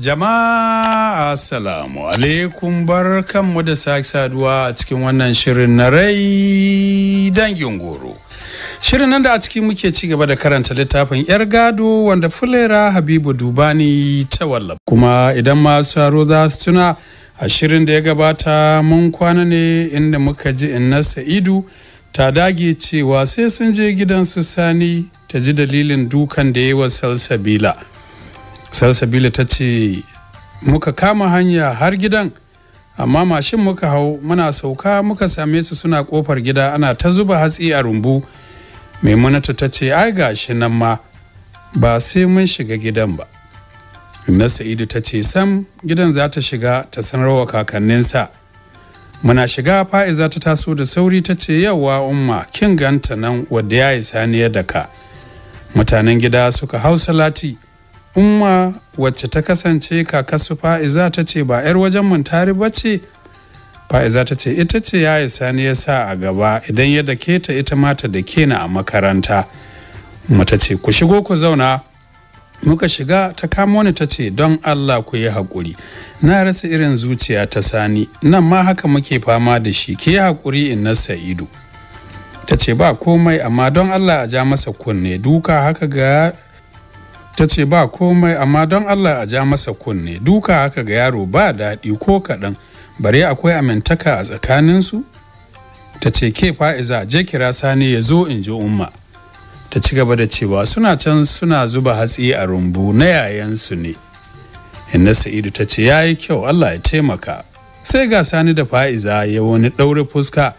Jama'a asalamu alaikum bar kanmu da sake saduwa a cikin wannan shirin na rai dangin goro. Shirin nan da a ciki muke ci gaba da karanta littafin 'yar gado wanda fulera Habibu Dubani ta wallafa. Kuma idan masu haro za su tuna a shirin da ya gabata mun kwana ne inda muka ji inna Sa'idu ta dage cewa sai sun je gidan su Sani ta ji dalilin dukan da ya yi wa Salsabila. salsabila ta ce muka kama hanya har gidan amma mashin muka hau muna sauka muka same su suna kofar gida ana ta zuba hatsi a rumbu Maimuna ta ce ai shi nan ma ba sai mun shiga gidan ba na sa'idu ta ce sam gidan za ta shiga ta sanarwa kakanninsa muna shiga fa'iza ta taso da sauri ta ce yawa umma kin ganta nan wadda ya yi saniya da ka mutanen gida suka hau salati umma wacce ta kasance su fa'iza ta ce ba 'yar wajen muntari ba ce fa'iza ta ce ita ce ya sani ya sa a gaba idan ya dake ta ita mata da kena a makaranta mata ce ku shigo ku zauna muka shiga ta kamo ni ta ce don allah ku yi haƙuri na rasa irin zuciya ta sani nan ma haka muke fama da shi ki yi haƙuri in na sa'idu ta ce ba komai amma don allah a ja masa kunne duka haka ga ta ce ba komai amma don allah a ja masa kunne duka haka ga yaro ba daɗi ko kaɗan bare akwai amintaka a tsakaninsu ta ce ke fa'iza je kira sani ya zo in ji umma ta ci gaba da cewa suna can suna zuba hatsi a rumbu na yayansu ne inna sa'idu ta ce ya yi kyau allah ya taimaka sai ga sani da fa'iza ya wani ɗaure fuska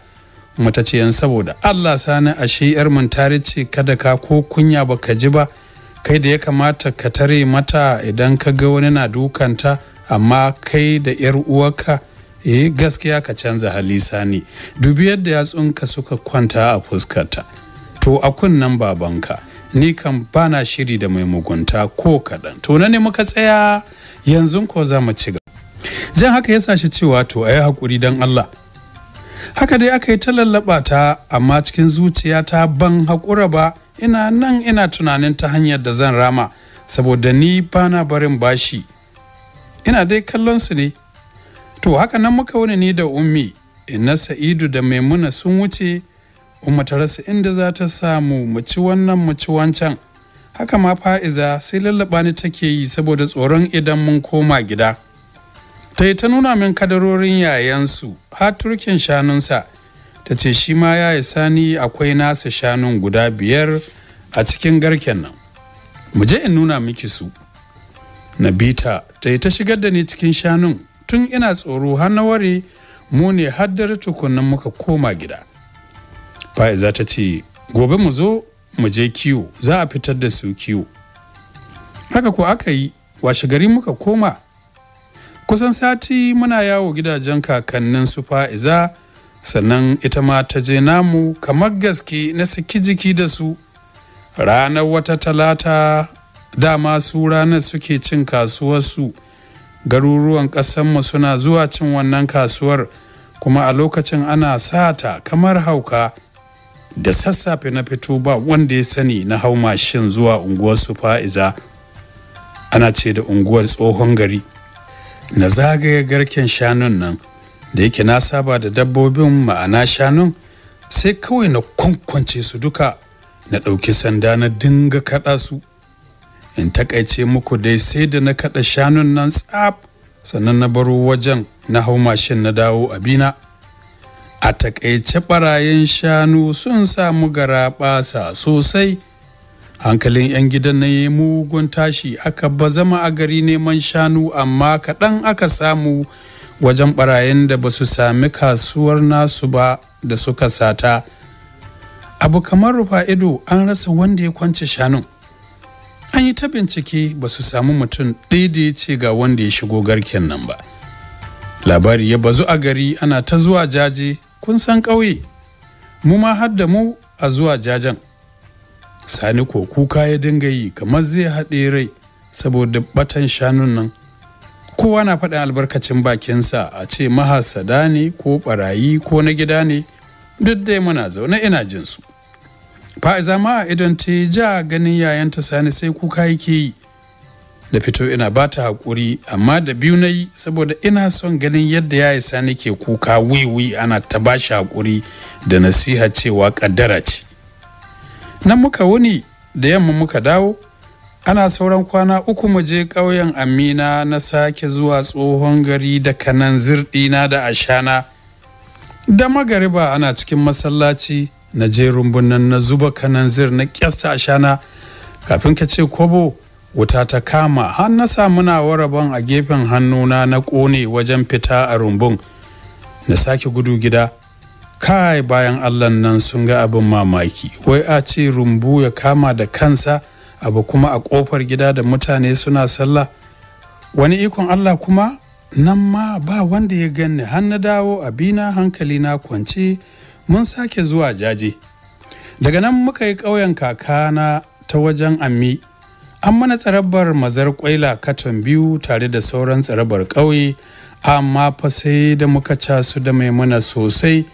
mata ce yan saboda allah sani a shi yar mun ce kada ka ko kunya baka ji ba kai da ya kamata ka tare mata idan ka ga wani na dukanta amma kai da yar uwarka eh gaskiya ka canza hali sani dubi yadda yatsunka suka kwanta a fuskarta to a kunnan babanka ni kan bana shiri da mai mugunta ko kaɗan to na ne muka tsaya yanzu ko za mu ci jan haka ya sashi cewa to a yi haƙuri don allah haka dai aka yi ta lallaɓa ta amma cikin zuciya ta ban haƙura ba ina nan ina tunanin ta hanyar da zan rama saboda ni bana barin bashi ina dai kallon su ne to haka nan muka wani ni da ummi ina sa'idu da maimuna sun wuce umma ta rasa inda za ta samu mu ci wannan mu ci wancan haka ma fa'iza sai lallaba ni take yi saboda tsoron idan mun koma gida ta yi ta nuna min kadarorin yayansu har turkin shanunsa ta ce shi ma ya yi sani akwai nasa shanun guda biyar a cikin garken nan mu je in nuna miki su nabita ta yi ta shigar da ni cikin shanun tun ina tsoro har na ware mu ne haddar tukunan muka koma gida fa'iza ta ce gobe mu zo mu je kiwo za a fitar da su kiwo haka ko aka yi washe gari muka koma kusan sati muna yawo gidajen kakannin su fa'iza sannan ita ma ta je namu kamar gaske na saki jiki da su ranar wata talata dama su ranar suke cin kasuwarsu garuruwan ƙasanmu suna zuwa cin wannan kasuwar kuma a lokacin ana sata kamar hauka da sassafe na fito ba wanda ya sani na hau mashin zuwa unguwar su fa'iza ana ce da unguwar tsohon gari na zagaye garken shanun nan da yake na saba da dabbobin ma'ana shanun sai kawai na kwankwance su duka na ɗauki sanda na dinga kaɗa su in takaice muku dai sai da na kaɗa shanun nan tsaf sannan na baro wajen na hau mashin na dawo abina a takaice ɓarayen shanu sun samu garaɓasa ɓasa sosai hankalin 'yan gidan na yi mugun tashi aka ba zama a gari neman shanu amma kaɗan aka samu wajen barayin da ba su sami kasuwar nasu ba da suka sata abu kamar rufa ido an rasa wanda ya kwance shanun an yi ta bincike ba su samu mutum ɗaya ya ce ga wanda ya shigo garken nan ba labari ya bazu a gari ana ta zuwa jaje kun san ƙauye mu ma har da mu a zuwa jajen sani ko kuka ya dinga yi kamar zai haɗe rai saboda batan shanun nan kowa na faɗin albarkacin bakinsa a ce mahasada ne ko barayi ko na gida ne duk dai muna zaune ina jin su fa'iza a idan ta ja ganin yayanta sani sai kuka yake yi da fito ina ba ta haƙuri amma da biyu na yi saboda ina son ganin yadda ya sani ke kuka wiwi ana ta ba shi haƙuri da nasiha cewa ƙaddara ce nan muka wuni da yamma muka dawo ana sauran kwana uku mu je ƙauyen amina na sake zuwa tsohon gari da kanan zirɗina da ashana da magariba ana cikin masallaci na je rumbunan na zuba kanan zir na ƙyasta ashana kafin ka ce kobo wuta ta kama har na samu na waraban a gefen hannuna na ƙone wajen fita a rumbun na sake gudu gida kai bayan allah nan sun ga abin mamaki wai a ce rumbu ya kama da kansa abu kuma a kofar gida da mutane suna sallah wani ikon Allah kuma nan ma ba wanda ya ganni har na dawo abina hankali na kwance mun sake zuwa jaje daga nan muka yi ƙauyen kakana ta wajen ammi an mana tsarabar mazar kwaila katon biyu tare da sauran tsarabar ƙauye amma fa sai da muka casu da mai mana sosai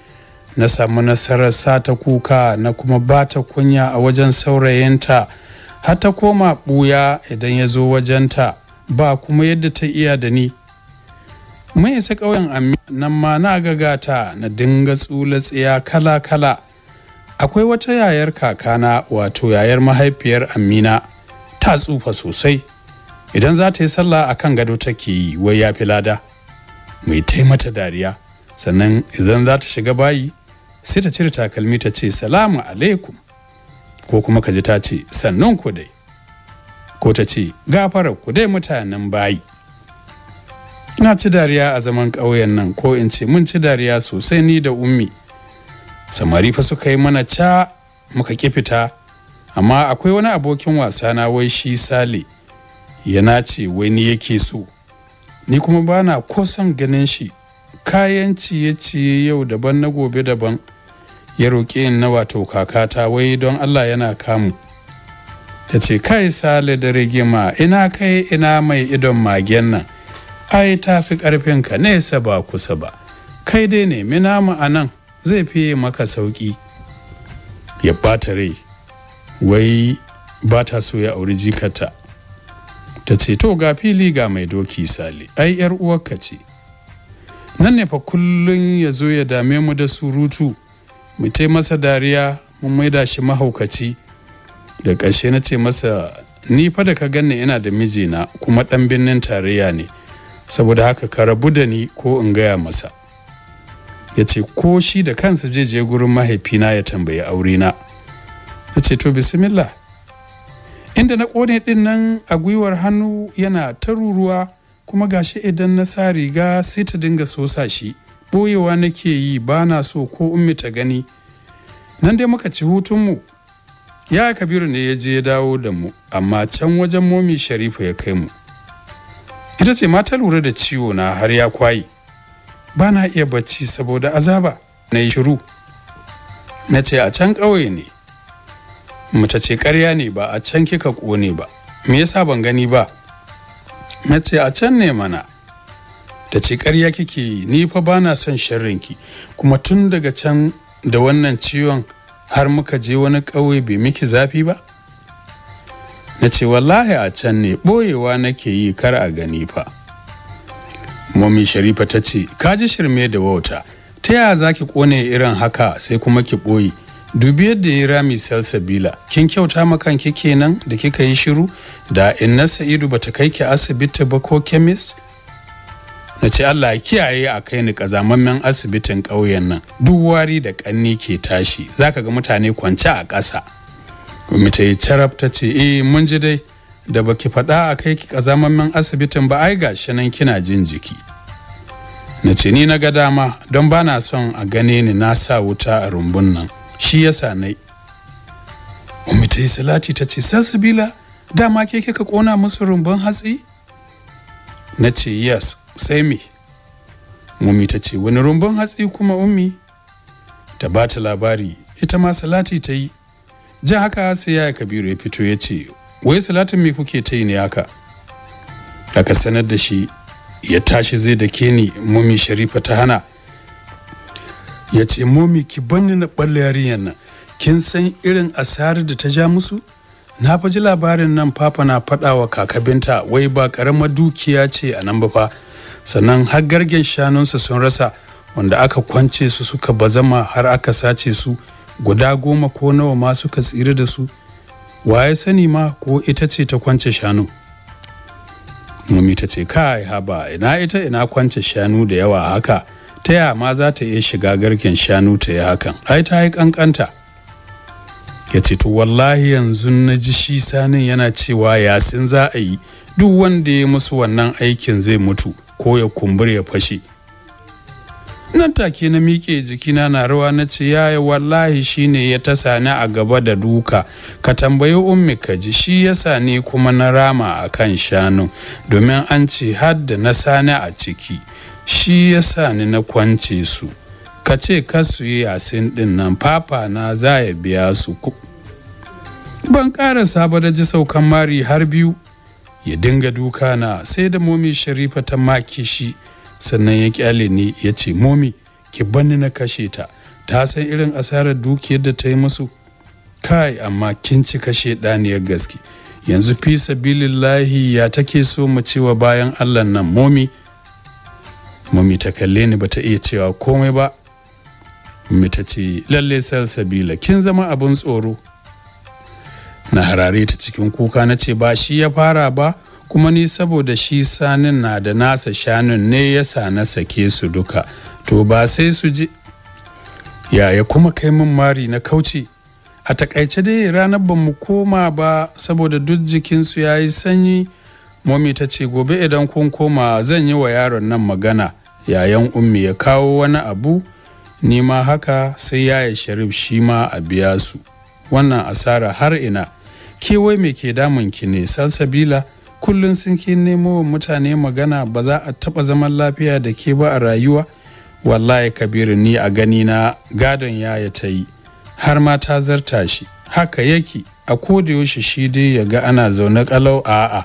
na samu nasarar sata kuka na kuma bata kunya a wajen saurayinta har ta koma ɓuya idan ya zo wajenta ba kuma yadda ta iya da ni mun isa ƙauyen ammi nan ma na gagata na dinga tsula tsiya kala kala akwai wata yayar kakana wato yayar mahaifiyar amina ta tsufa sosai idan za ta yi sallah a kan gado take yi wai ya fi lada mai taimata dariya sannan idan za ta shiga bayi sai ta cire takalmi ta ce salamu alaikum ko kuma ka ji ta ce sannan ku dai ko ta ce gafara ku dai mutanen bayi ina ci dariya a zaman ƙauyen nan ko in ce mun ci dariya sosai ni da ummi samari fa suka yi mana ca muka ki fita amma akwai wani abokin wasa na wai shi sale yana ce wai ni yake so ni kuma bana ko son ganin shi kayan ciye-ciye yau daban na gobe daban ya roƙe in na wato kakata wai don allah yana kamu ta ce kai sale da rigima ina kai ina mai idon magen nan ai ta fi ƙarfinka nesa ba kusa ba kai dai ne mina ma'anan zai fi maka sauƙi ya bata rai wai ba ta so ya auri jikata ta ce to ga fili ga mai doki sale ai yar uwarka ce nan ne fa kullun ya zo ya dame mu da surutu mu ce masa dariya mun maida shi mahaukaci da ƙashe na ce masa ni fa da ka ganni ina da mijina kuma ɗan birnin tarayya ne saboda haka ka rabu da ni ko in gaya masa ya ce ko shi da kansa je je gurin mahaifina ya tambayi aure na ce to bismillah inda na ƙone ɗin nan a gwiwar hannu yana ta ruruwa kuma gashi idan na sa riga sai ta dinga sosa shi ɓoyewa nake yi ba na so ko ummi ta gani nan dai muka ci hutunmu ya kabiru ne ya je ya dawo da mu amma can wajen momi sharifu ya kai mu ita ce ma ta lura da ciwo na har ya kwayi ba na iya bacci saboda azaba na yi shiru na ce a can ƙauye ne mata ce ƙarya ne ba a can kika ƙone ba me yasa ban gani ba na ce a can ne mana Da ce ƙarya kike yi ni fa ba na son sharrin-ki, kuma tun daga can da wannan ciwon har muka je wani ƙauye bai miki zafi ba na ce wallahi a can ne ɓoyewa nake yi kar a gani fa momi sharifa ta ce ka ji shirme da wauta ta yaya za ki ƙone irin haka sai kuma ki ɓoye dubi yadda ya rami salsabila kin kyauta makanki kenan da kika yi shiru da inna sa'idu bata kai ki asibiti ba ko kemis na ce Allah ya kiyaye a kai ni kazamammen asibitin ƙauyen nan duk wari da ƙanni ke tashi zaka ga mutane kwance a ƙasa kuma ta yi carab ta ce eh mun ji dai da baki faɗa a kai ki kazamammen asibitin ba ai gashi nan kina jin jiki na ce ni na ga dama don ba na son a gane ni na sa wuta a rumbun nan shi yasa nai Ummi yi salati ta ce dama ke kika kona musu rumbun hatsi na ce yes sai me mummi ta ce wani rumbun hatsi kuma ummi ta ba ta labari ita ma salati ta yi jin haka sai yaya kabiru ya fito ya ce wai salatin me kuke ta yi ne haka aka sanar da shi ya tashi zai da ke ni mummi sharifa ta hana ya ce mummi ki banni na ɓalla yarinyar nan kin san irin asarar da ta ja musu na faji labarin nan papa na faɗa wa kakabinta wai ba ƙaramar dukiya ce a nan ba fa sannan har gargen shanunsa sun rasa wanda aka kwance su suka bazama har aka sace su guda goma ko nawa ma suka tsira da su waye sani ma ko ita ce ta kwance shanu mummy ta ce kai haba ina ita ina kwance shanu da yawa haka ta ya ma za ta iya shiga gargen shanu ta yi hakan ai ta yi kankanta ya ce to wallahi yanzu na ji shi sanin yana cewa yasin za a yi duk wanda ya musu wannan aikin zai mutu ko ya kumbura ya fashe nan take na miƙe jikina na rawa na ce ya yi wallahi shi ne ya ta sani a gaba da duka ka tambayi ummi ka ji shi ya sani kuma na rama a kan shanu domin an ce har na sani a ciki shi ya sani na kwance su ka ce kasu yi yasin ɗin nan papa na za ya biya su ban karasa ba da ji saukan mari har biyu ya dinga duka na sai da momi sharifa ta make shi sannan ya kyale ni ya ce momi ki banni na kashe ta ta san irin asarar dukiyar da ta yi musu kai amma kin ci kashe daniyar gaske yanzu fi sabilillahi ya take so mu cewa bayan allah nan momi momi ta kalle ni bata iya cewa komai ba mita ce lalle sabila kin zama abin tsoro na harare ta cikin kuka na ce ba shi ya fara ba kuma ni saboda shi sanin na da nasa shanun ne ya sa na sake su duka to ba sai su ji yaya kuma kai min mari na kauce a takaice dai ranar ba mu koma ba saboda duk jikinsu ya yi sanyi momi ta ce gobe idan kun koma zan yi wa yaron nan magana yayan ummi ya kawo wani abu ni ma haka sai yaya sharif shi ma a biya su wannan asara har ina wai me ke damun ki ne salsabila kullum sun ki nemo mutane magana ba za a taba zaman lafiya da ke ba a rayuwa wallahi kabiru ni a gani na gadon yaya ta yi har ma ta zarta shi haka yake a koda yaushe shi dai ya ga ana zaune kalau a'a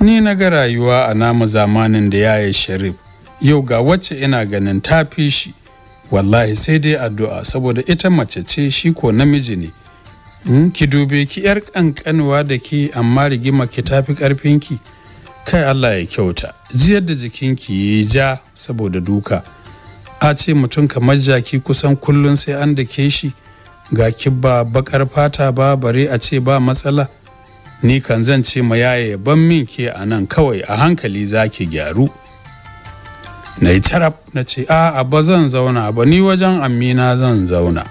ni na ga rayuwa a nama zamanin da yaya sharif yau ga wacce ina ganin ta fi shi wallahi sai dai addu'a saboda ita mace ce shi ko namiji ne ki dube ki yar kankanuwa da ke amma rigima ki tafi karfinki kai Allah ya kyauta jiyar da jikinki ya ja saboda duka a ce mutum kamar jaki kusan kullum sai an da ke shi ga ki ba bakar fata ba bare a ce ba matsala ni kan zan ce ma yaye ban min ke a nan kawai a hankali za ki gyaru na yi carab na ce a ba zan zauna ba ni wajen amina zan zauna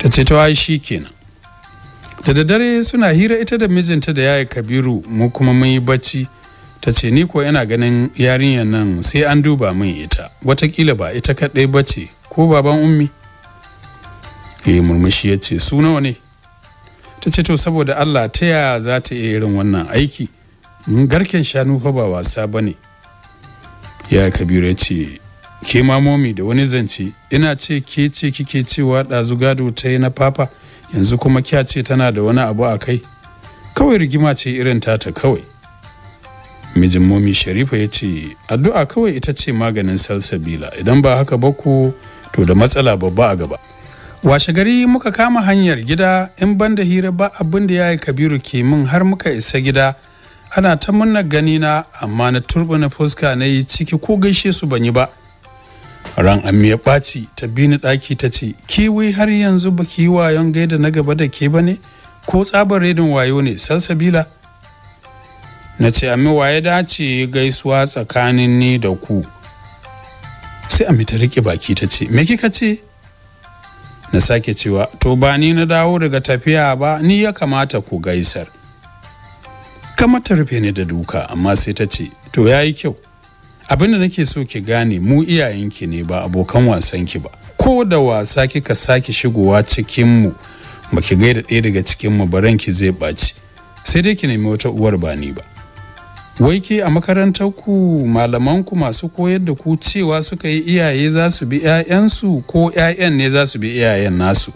ta ce to ai shi kenan da daddare suna hira ita da mijinta da yaya kabiru mu kuma mun yi bacci ta ce ni ko ina ganin yarinyar nan sai an duba min ita watakila ba ita kaɗai ba ce ko baban ummi eh murmushi ya ce su nawa ne ta ce to saboda allah ta yaya za ta iya irin wannan aiki mun garken shanu fa ba wasa ba ne ya kabiru ya ce ke mamomi da wani zance ina ce ke ce kike cewa ɗazu gado ta yi na papa yanzu kuma kya ce tana da wani abu a kai kawai rigima ce irin ta ta kawai mijin momi sharifa ya ce addu'a kawai ita ce maganin salsabila idan ba haka ba ku to da matsala babba a gaba washe gari muka kama hanyar gida in ban da hira ba abin da ya yi kabiru ke min har muka isa gida ana ta munna ganina amma na turba na fuska na yi ciki ko gaishe su ban yi ba ran amiya ya ta bini daki ɗaki ta ce kiwi har yanzu baki ki yi wayon gaida na gaba da ke bane ko tsabar redin wayo ne salsabila na ce ammi waye dace gaisuwa tsakanin ni da ku sai ami ta riƙe baki ta ce me kika ce na sake cewa to ba ni na dawo daga tafiya ba ni ya kamata ku gaisar kamar ta rufe ni da duka amma sai ta ce to yayi kyau abin da nake so ki gane mu iyayenki ne ba abokan wasanki ba ko da wasa kika sake shigowa cikinmu ba ki gaida ɗaya daga cikinmu ba ranki zai ɓaci sai dai ki nemi wata uwar ba ni ba wai ke a makarantar ku malaman ku masu koyar da ku cewa suka yi iyaye za su bi 'ya'yansu ko 'ya'yan ne za su bi iyayen nasu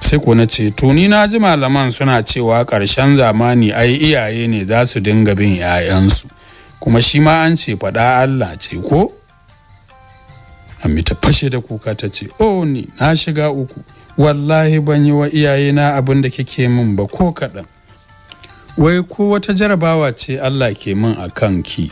sai ko na ce tuni na ji malaman suna cewa ƙarshen zamani ai iyaye ne za su dinga bin 'ya'yansu kuma shi ma an ce faɗa Allah ce ko Ammi ta fashe da kuka ta ce oh ni na shiga uku wallahi ban yi wa iyayena abin da kike min ba ko kaɗan wai ko wata jarabawa ce Allah ke min a ki?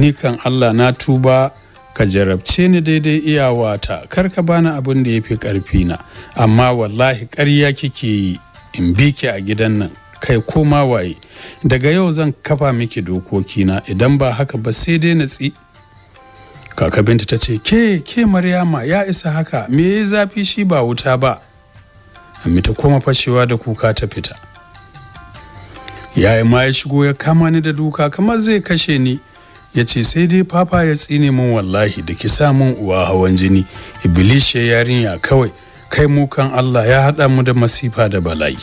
ni kan Allah na tuba ka jarabce ni daidai iyawata kar ka bani abin da ya fi na. amma wallahi ƙarya kike yi in bi ki a gidan nan kai koma waye daga yau zan kafa miki dokokina idan ba haka ba sai dai na tsi kaka binta ta ce ke ke maryama ya isa haka me ya zafi shi ba wuta ba amma ta koma fashewa da kuka ta fita Yaya ma ya shigo ya kama ni da duka kamar zai kashe ni ya ce sai dai papa ya tsine min wallahi da ki sa min uwa hawan jini iblis ya yarinya kawai kai mu kan Allah ya haɗa mu da masifa da bala'i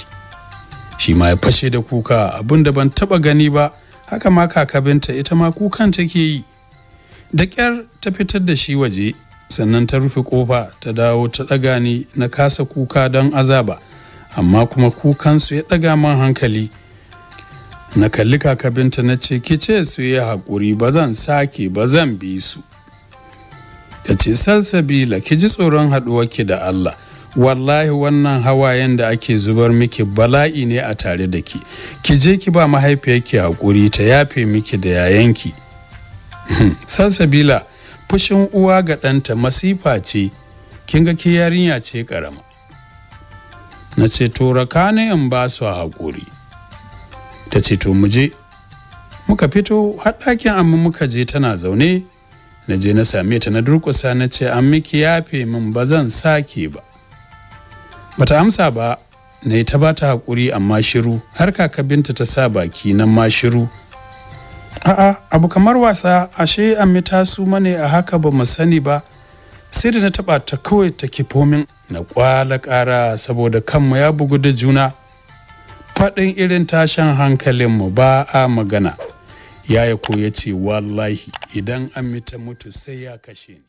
shi ma ya fashe da kuka abin da ban taba gani ba haka ma kakabinta ita ma kukan take yi da ƙyar ta fitar da shi waje sannan ta rufe kofa ta dawo ta daga ni na kasa kuka don azaba amma kuma kukan su ya daga man hankali na kalli kakabinta na ce ki ce su yi haƙuri ba zan sake ba zan bi su ta ce salsabila ki ji tsoron ki da allah wallahi wannan hawayen da ake zubar miki bala'i ne a tare da ki ki je ki ba mahaifiyarki hakuri ta yafe miki da yayanki hmm, Sabila fushin uwa ga ɗanta masifa ce kin ga ki yarinya ce ƙarama na ce to raka in ba su hakuri. ta ce to muje muka fito har ɗakin amma muka je tana zaune na je na same ta na durƙusa na ce an miki yafe min ba zan sake ba bata amsa ba na ta ba ta hakuri amma shiru har kaka binta ta sa baki na ma shiru a'a abu kamar wasa ashe an mita su mane a haka ba mu sani ba sai da na taba ta kawai ta kifomin na kwala ƙara saboda kanmu ya bugu da juna faɗin irin tashin hankalin mu ba a magana yaya ko ya ce wallahi idan an mita mutu sai ya kashe ni